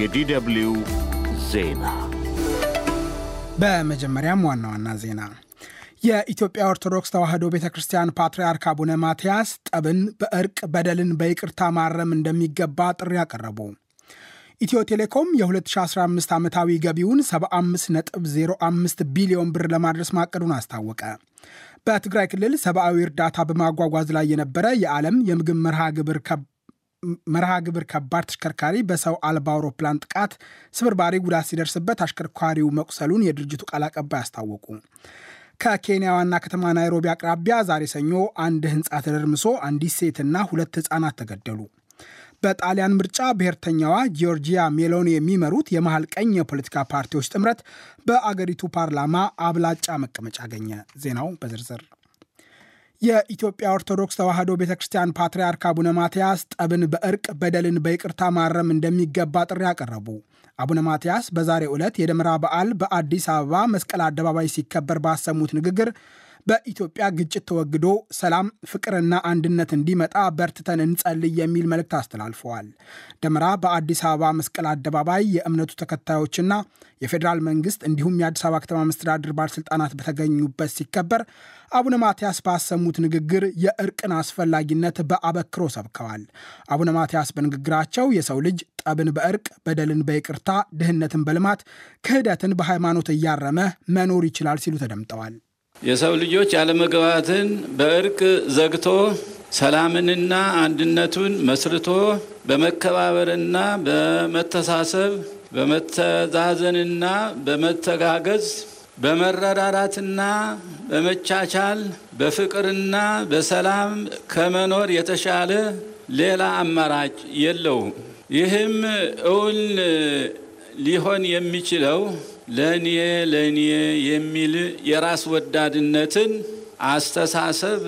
የዲደብሊው ዜና በመጀመሪያም ዋና ዋና ዜና የኢትዮጵያ ኦርቶዶክስ ተዋሕዶ ቤተ ክርስቲያን ፓትርያርክ አቡነ ማትያስ ጠብን በእርቅ በደልን በይቅርታ ማረም እንደሚገባ ጥሪ አቀረቡ። ኢትዮ ቴሌኮም የ2015 ዓመታዊ ገቢውን 75.05 ቢሊዮን ብር ለማድረስ ማቀዱን አስታወቀ። በትግራይ ክልል ሰብአዊ እርዳታ በማጓጓዝ ላይ የነበረ የዓለም የምግብ መርሃ ግብር መርሃ ግብር ከባድ ተሽከርካሪ በሰው አልባ አውሮፕላን ጥቃት ስብርባሪ ጉዳት ሲደርስበት አሽከርካሪው መቁሰሉን የድርጅቱ ቃል አቀባይ አስታወቁ። ከኬንያ ዋና ከተማ ናይሮቢ አቅራቢያ ዛሬ ሰኞ አንድ ህንፃ ተደርምሶ አንዲት ሴትና ሁለት ህፃናት ተገደሉ። በጣሊያን ምርጫ ብሔርተኛዋ ጂዮርጂያ ሜሎኒ የሚመሩት የመሃል ቀኝ የፖለቲካ ፓርቲዎች ጥምረት በአገሪቱ ፓርላማ አብላጫ መቀመጫ አገኘ። ዜናው በዝርዝር የኢትዮጵያ ኦርቶዶክስ ተዋሕዶ ቤተ ክርስቲያን ፓትርያርክ አቡነ ማትያስ ጠብን በእርቅ በደልን በይቅርታ ማረም እንደሚገባ ጥሪ አቀረቡ። አቡነ ማትያስ በዛሬ ዕለት የደመራ በዓል በአዲስ አበባ መስቀል አደባባይ ሲከበር ባሰሙት ንግግር በኢትዮጵያ ግጭት ተወግዶ ሰላም፣ ፍቅርና አንድነት እንዲመጣ በርትተን እንጸልይ የሚል መልእክት አስተላልፈዋል። ደመራ በአዲስ አበባ መስቀል አደባባይ የእምነቱ ተከታዮችና የፌዴራል መንግስት እንዲሁም የአዲስ አበባ ከተማ መስተዳድር ባለስልጣናት በተገኙበት ሲከበር አቡነ ማትያስ ባሰሙት ንግግር የእርቅን አስፈላጊነት በአበክሮ ሰብከዋል። አቡነ ማትያስ በንግግራቸው የሰው ልጅ ጠብን በእርቅ በደልን በይቅርታ ድህነትን በልማት ክህደትን በሃይማኖት እያረመ መኖር ይችላል ሲሉ ተደምጠዋል። የሰው ልጆች ያለመግባባትን በእርቅ ዘግቶ ሰላምንና አንድነቱን መስርቶ በመከባበርና በመተሳሰብ በመተዛዘንና በመተጋገዝ በመረዳዳትና በመቻቻል በፍቅርና በሰላም ከመኖር የተሻለ ሌላ አማራጭ የለውም። ይህም እውን ሊሆን የሚችለው ለእኔ ለእኔ የሚል የራስ ወዳድነትን አስተሳሰብ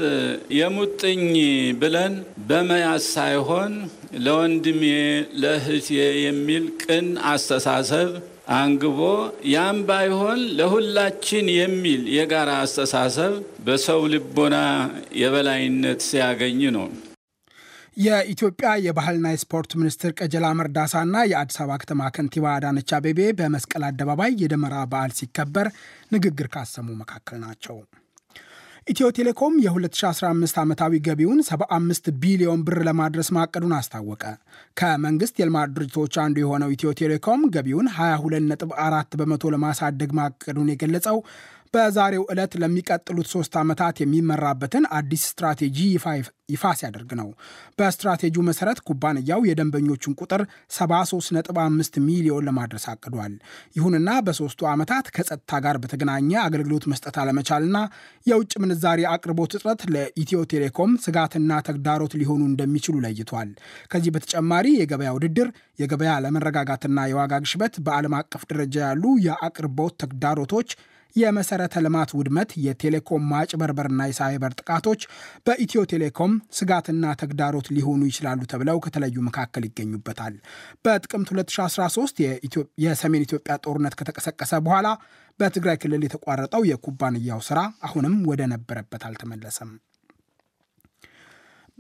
የሙጥኝ ብለን በመያዝ ሳይሆን ለወንድሜ ለእህቴ የሚል ቅን አስተሳሰብ አንግቦ ያም ባይሆን ለሁላችን የሚል የጋራ አስተሳሰብ በሰው ልቦና የበላይነት ሲያገኝ ነው። የኢትዮጵያ የባህልና የስፖርት ሚኒስትር ቀጀላ መርዳሳና የአዲስ አበባ ከተማ ከንቲባ አዳነች አቤቤ በመስቀል አደባባይ የደመራ በዓል ሲከበር ንግግር ካሰሙ መካከል ናቸው። ኢትዮ ቴሌኮም የ2015 ዓመታዊ ገቢውን 75 ቢሊዮን ብር ለማድረስ ማቀዱን አስታወቀ። ከመንግስት የልማት ድርጅቶች አንዱ የሆነው ኢትዮ ቴሌኮም ገቢውን 22.4 በመቶ ለማሳደግ ማቀዱን የገለጸው በዛሬው ዕለት ለሚቀጥሉት ሶስት ዓመታት የሚመራበትን አዲስ ስትራቴጂ ይፋ ሲያደርግ ነው። በስትራቴጂው መሰረት ኩባንያው የደንበኞቹን ቁጥር 735 ሚሊዮን ለማድረስ አቅዷል። ይሁንና በሶስቱ ዓመታት ከጸጥታ ጋር በተገናኘ አገልግሎት መስጠት አለመቻልና የውጭ ምንዛሪ አቅርቦት እጥረት ለኢትዮ ቴሌኮም ስጋትና ተግዳሮት ሊሆኑ እንደሚችሉ ለይቷል። ከዚህ በተጨማሪ የገበያ ውድድር፣ የገበያ አለመረጋጋትና የዋጋ ግሽበት፣ በዓለም አቀፍ ደረጃ ያሉ የአቅርቦት ተግዳሮቶች የመሰረተ ልማት ውድመት፣ የቴሌኮም ማጭበርበርና የሳይበር ጥቃቶች በኢትዮ ቴሌኮም ስጋትና ተግዳሮት ሊሆኑ ይችላሉ ተብለው ከተለዩ መካከል ይገኙበታል። በጥቅምት 2013 የሰሜን ኢትዮጵያ ጦርነት ከተቀሰቀሰ በኋላ በትግራይ ክልል የተቋረጠው የኩባንያው ስራ አሁንም ወደ ነበረበት አልተመለሰም።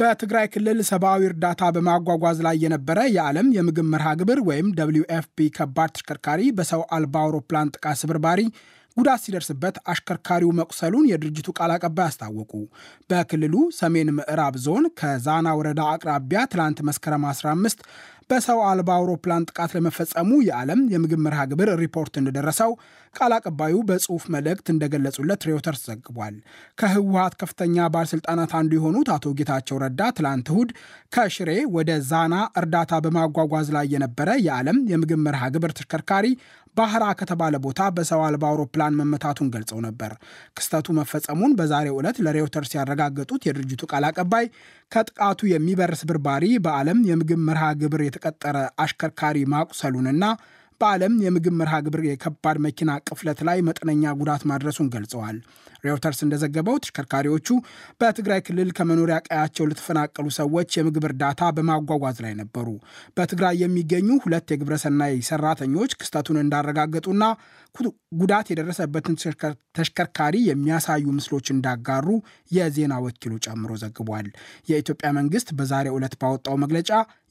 በትግራይ ክልል ሰብአዊ እርዳታ በማጓጓዝ ላይ የነበረ የዓለም የምግብ መርሃ ግብር ወይም ደብሊው ኤፍፒ ከባድ ተሽከርካሪ በሰው አልባ አውሮፕላን ጥቃት ስብርባሪ ጉዳት ሲደርስበት አሽከርካሪው መቁሰሉን የድርጅቱ ቃል አቀባይ አስታወቁ። በክልሉ ሰሜን ምዕራብ ዞን ከዛና ወረዳ አቅራቢያ ትላንት መስከረም 15 በሰው አልባ አውሮፕላን ጥቃት ለመፈጸሙ የዓለም የምግብ መርሃ ግብር ሪፖርት እንደደረሰው ቃል አቀባዩ በጽሁፍ መልእክት እንደገለጹለት ሬውተርስ ዘግቧል። ከህወሀት ከፍተኛ ባለስልጣናት አንዱ የሆኑት አቶ ጌታቸው ረዳ ትላንት እሁድ ከሽሬ ወደ ዛና እርዳታ በማጓጓዝ ላይ የነበረ የዓለም የምግብ መርሃ ግብር ተሽከርካሪ ባህራ ከተባለ ቦታ በሰው አልባ አውሮፕላን መመታቱን ገልጸው ነበር። ክስተቱ መፈጸሙን በዛሬው ዕለት ለሬውተርስ ያረጋገጡት የድርጅቱ ቃል አቀባይ ከጥቃቱ የሚበርስ ብርባሪ በዓለም የምግብ መርሃ ግብር የተቀጠረ አሽከርካሪ ማቁሰሉንና በዓለም የምግብ መርሃ ግብር የከባድ መኪና ቅፍለት ላይ መጠነኛ ጉዳት ማድረሱን ገልጸዋል። ሬውተርስ እንደዘገበው ተሽከርካሪዎቹ በትግራይ ክልል ከመኖሪያ ቀያቸው ለተፈናቀሉ ሰዎች የምግብ እርዳታ በማጓጓዝ ላይ ነበሩ። በትግራይ የሚገኙ ሁለት የግብረሰናይ ሰራተኞች ክስተቱን እንዳረጋገጡና ጉዳት የደረሰበትን ተሽከርካሪ የሚያሳዩ ምስሎች እንዳጋሩ የዜና ወኪሉ ጨምሮ ዘግቧል። የኢትዮጵያ መንግስት በዛሬው ዕለት ባወጣው መግለጫ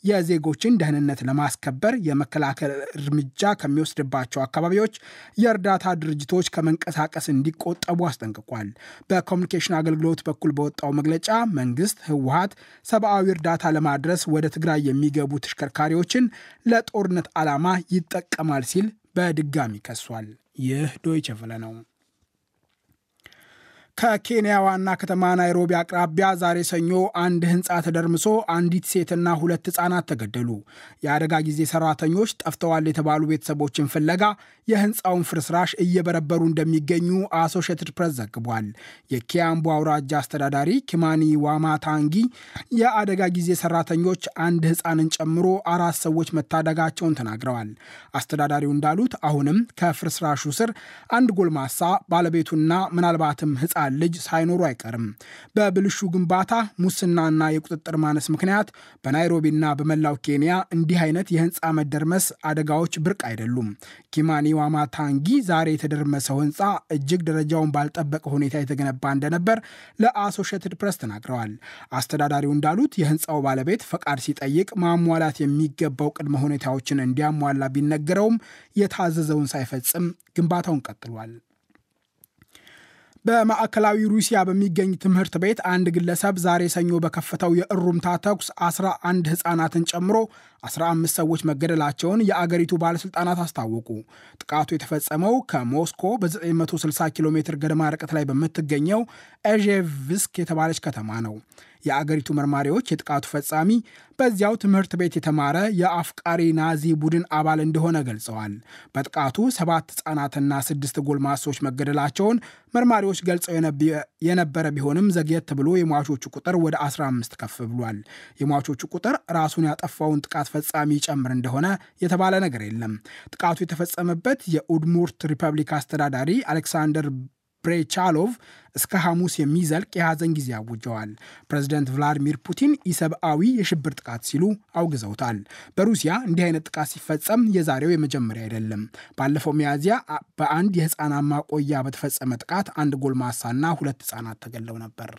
የዜጎችን ደህንነት ለማስከበር የመከላከል እርምጃ ከሚወስድባቸው አካባቢዎች የእርዳታ ድርጅቶች ከመንቀሳቀስ እንዲቆጠቡ አስጠንቅቋል። አስታውቋል። በኮሚኒኬሽን አገልግሎት በኩል በወጣው መግለጫ መንግስት ህወሀት ሰብአዊ እርዳታ ለማድረስ ወደ ትግራይ የሚገቡ ተሽከርካሪዎችን ለጦርነት ዓላማ ይጠቀማል ሲል በድጋሚ ከሷል። ይህ ዶይቸ ነው። ከኬንያ ዋና ከተማ ናይሮቢ አቅራቢያ ዛሬ ሰኞ አንድ ህንፃ ተደርምሶ አንዲት ሴትና ሁለት ህፃናት ተገደሉ። የአደጋ ጊዜ ሰራተኞች ጠፍተዋል የተባሉ ቤተሰቦችን ፍለጋ የህንፃውን ፍርስራሽ እየበረበሩ እንደሚገኙ አሶሽትድ ፕሬስ ዘግቧል። የኪያምቡ አውራጃ አስተዳዳሪ ኪማኒ ዋማታንጊ የአደጋ ጊዜ ሰራተኞች አንድ ህፃንን ጨምሮ አራት ሰዎች መታደጋቸውን ተናግረዋል። አስተዳዳሪው እንዳሉት አሁንም ከፍርስራሹ ስር አንድ ጎልማሳ ባለቤቱና ምናልባትም ህፃ ሕፃን ልጅ ሳይኖሩ አይቀርም። በብልሹ ግንባታ፣ ሙስናና የቁጥጥር ማነስ ምክንያት በናይሮቢና በመላው ኬንያ እንዲህ አይነት የህንፃ መደርመስ አደጋዎች ብርቅ አይደሉም። ኪማኒ ዋማታንጊ ዛሬ የተደረመሰው ህንፃ እጅግ ደረጃውን ባልጠበቀ ሁኔታ የተገነባ እንደነበር ለአሶሽየትድ ፕሬስ ተናግረዋል። አስተዳዳሪው እንዳሉት የህንፃው ባለቤት ፈቃድ ሲጠይቅ ማሟላት የሚገባው ቅድመ ሁኔታዎችን እንዲያሟላ ቢነገረውም የታዘዘውን ሳይፈጽም ግንባታውን ቀጥሏል። በማዕከላዊ ሩሲያ በሚገኝ ትምህርት ቤት አንድ ግለሰብ ዛሬ ሰኞ በከፈተው የእሩምታ ተኩስ 11 ህጻናትን ጨምሮ 15 ሰዎች መገደላቸውን የአገሪቱ ባለሥልጣናት አስታወቁ። ጥቃቱ የተፈጸመው ከሞስኮ በ960 ኪሎ ሜትር ገደማ ርቀት ላይ በምትገኘው ኤዤቭስክ የተባለች ከተማ ነው። የአገሪቱ መርማሪዎች የጥቃቱ ፈጻሚ በዚያው ትምህርት ቤት የተማረ የአፍቃሪ ናዚ ቡድን አባል እንደሆነ ገልጸዋል። በጥቃቱ ሰባት ሕጻናትና ስድስት ጎልማሶች መገደላቸውን መርማሪዎች ገልጸው የነበረ ቢሆንም ዘግየት ብሎ የሟቾቹ ቁጥር ወደ 15 ከፍ ብሏል። የሟቾቹ ቁጥር ራሱን ያጠፋውን ጥቃት ፈጻሚ ጨምር እንደሆነ የተባለ ነገር የለም። ጥቃቱ የተፈጸመበት የኡድሙርት ሪፐብሊክ አስተዳዳሪ አሌክሳንደር ፕሬቻሎቭ እስከ ሐሙስ የሚዘልቅ የሐዘን ጊዜ አውጀዋል። ፕሬዚደንት ቭላዲሚር ፑቲን ኢሰብአዊ የሽብር ጥቃት ሲሉ አውግዘውታል። በሩሲያ እንዲህ አይነት ጥቃት ሲፈጸም የዛሬው የመጀመሪያ አይደለም። ባለፈው ሚያዝያ በአንድ የሕፃናት ማቆያ በተፈጸመ ጥቃት አንድ ጎልማሳና ሁለት ሕፃናት ተገለው ነበር።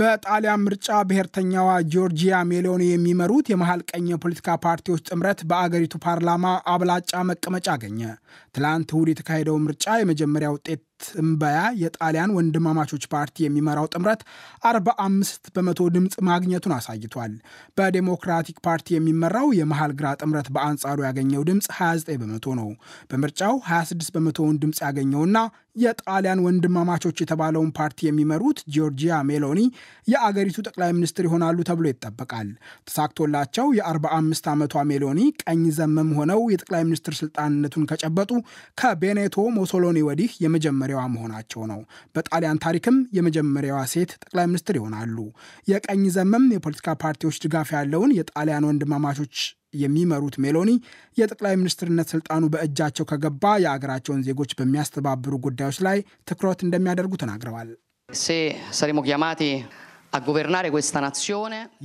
በጣሊያን ምርጫ ብሔርተኛዋ ጆርጂያ ሜሎኒ የሚመሩት የመሀል ቀኝ የፖለቲካ ፓርቲዎች ጥምረት በአገሪቱ ፓርላማ አብላጫ መቀመጫ አገኘ። ትላንት እሁድ የተካሄደው ምርጫ የመጀመሪያ ውጤት እምበያ የጣሊያን ወንድማማቾች ፓርቲ የሚመራው ጥምረት 45 በመቶ ድምፅ ማግኘቱን አሳይቷል። በዴሞክራቲክ ፓርቲ የሚመራው የመሃል ግራ ጥምረት በአንጻሩ ያገኘው ድምፅ 29 በመቶ ነው። በምርጫው 26 በመቶውን ድምፅ ያገኘውና የጣሊያን ወንድማማቾች የተባለውን ፓርቲ የሚመሩት ጂዮርጂያ ሜሎኒ የአገሪቱ ጠቅላይ ሚኒስትር ይሆናሉ ተብሎ ይጠበቃል። ተሳክቶላቸው የ45 ዓመቷ ሜሎኒ ቀኝ ዘመም ሆነው የጠቅላይ ሚኒስትር ስልጣንነቱን ከጨበጡ ከቤኔቶ ሞሶሎኒ ወዲህ የመጀመሪያ የመጀመሪያዋ መሆናቸው ነው። በጣሊያን ታሪክም የመጀመሪያዋ ሴት ጠቅላይ ሚኒስትር ይሆናሉ። የቀኝ ዘመም የፖለቲካ ፓርቲዎች ድጋፍ ያለውን የጣሊያን ወንድማማቾች የሚመሩት ሜሎኒ የጠቅላይ ሚኒስትርነት ስልጣኑ በእጃቸው ከገባ የአገራቸውን ዜጎች በሚያስተባብሩ ጉዳዮች ላይ ትኩረት እንደሚያደርጉ ተናግረዋል።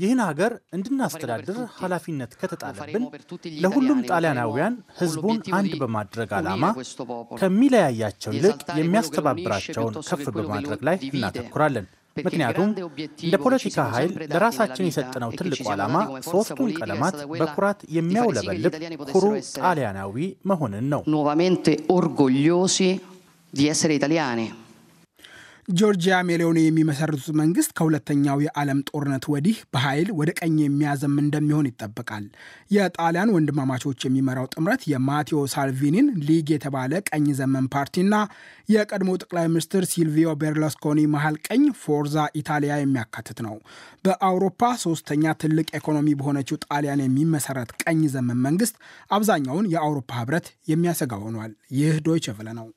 ይህን ሀገር እንድናስተዳድር ኃላፊነት ከተጣለብን ለሁሉም ጣሊያናውያን ሕዝቡን አንድ በማድረግ ዓላማ ከሚለያያቸው ይልቅ የሚያስተባብራቸውን ከፍ በማድረግ ላይ እናተኩራለን። ምክንያቱም እንደ ፖለቲካ ኃይል ለራሳችን የሰጠነው e ትልቁ ዓላማ ሶስቱን ቀለማት በኩራት የሚያውለበልብ ኩሩ ጣሊያናዊ መሆንን ነው። ጆርጂያ ሜሎኒ የሚመሰርቱት መንግስት ከሁለተኛው የዓለም ጦርነት ወዲህ በኃይል ወደ ቀኝ የሚያዘም እንደሚሆን ይጠበቃል። የጣሊያን ወንድማማቾች የሚመራው ጥምረት የማቴዎ ሳልቪኒን ሊግ የተባለ ቀኝ ዘመን ፓርቲና የቀድሞ ጠቅላይ ሚኒስትር ሲልቪዮ ቤርሎስኮኒ መሃል ቀኝ ፎርዛ ኢታሊያ የሚያካትት ነው። በአውሮፓ ሶስተኛ ትልቅ ኢኮኖሚ በሆነችው ጣሊያን የሚመሰረት ቀኝ ዘመን መንግስት አብዛኛውን የአውሮፓ ህብረት የሚያሰጋ ሆኗል። ይህ ዶይቸ ነው።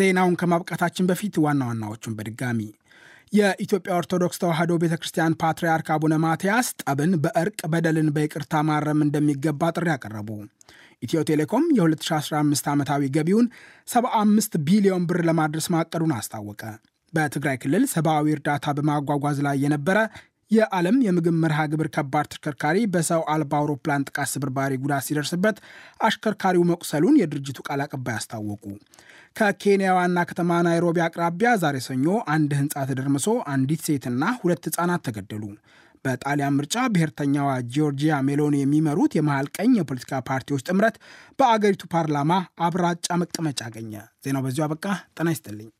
ዜናውን ከማብቃታችን በፊት ዋና ዋናዎቹን በድጋሚ የኢትዮጵያ ኦርቶዶክስ ተዋሕዶ ቤተ ክርስቲያን ፓትርያርክ አቡነ ማትያስ ጠብን በእርቅ በደልን በይቅርታ ማረም እንደሚገባ ጥሪ አቀረቡ። ኢትዮ ቴሌኮም የ2015 ዓመታዊ ገቢውን 75 ቢሊዮን ብር ለማድረስ ማቀዱን አስታወቀ። በትግራይ ክልል ሰብአዊ እርዳታ በማጓጓዝ ላይ የነበረ የዓለም የምግብ መርሃ ግብር ከባድ ተሽከርካሪ በሰው አልባ አውሮፕላን ጥቃት ስብርባሪ ጉዳት ሲደርስበት አሽከርካሪው መቁሰሉን የድርጅቱ ቃል አቀባይ አስታወቁ። ከኬንያ ዋና ከተማ ናይሮቢ አቅራቢያ ዛሬ ሰኞ አንድ ህንፃ ተደርምሶ አንዲት ሴትና ሁለት ህፃናት ተገደሉ። በጣሊያን ምርጫ ብሔርተኛዋ ጂዮርጂያ ሜሎኒ የሚመሩት የመሃል ቀኝ የፖለቲካ ፓርቲዎች ጥምረት በአገሪቱ ፓርላማ አብራጫ መቀመጫ አገኘ። ዜናው በዚሁ አበቃ። ጤና ይስጥልኝ።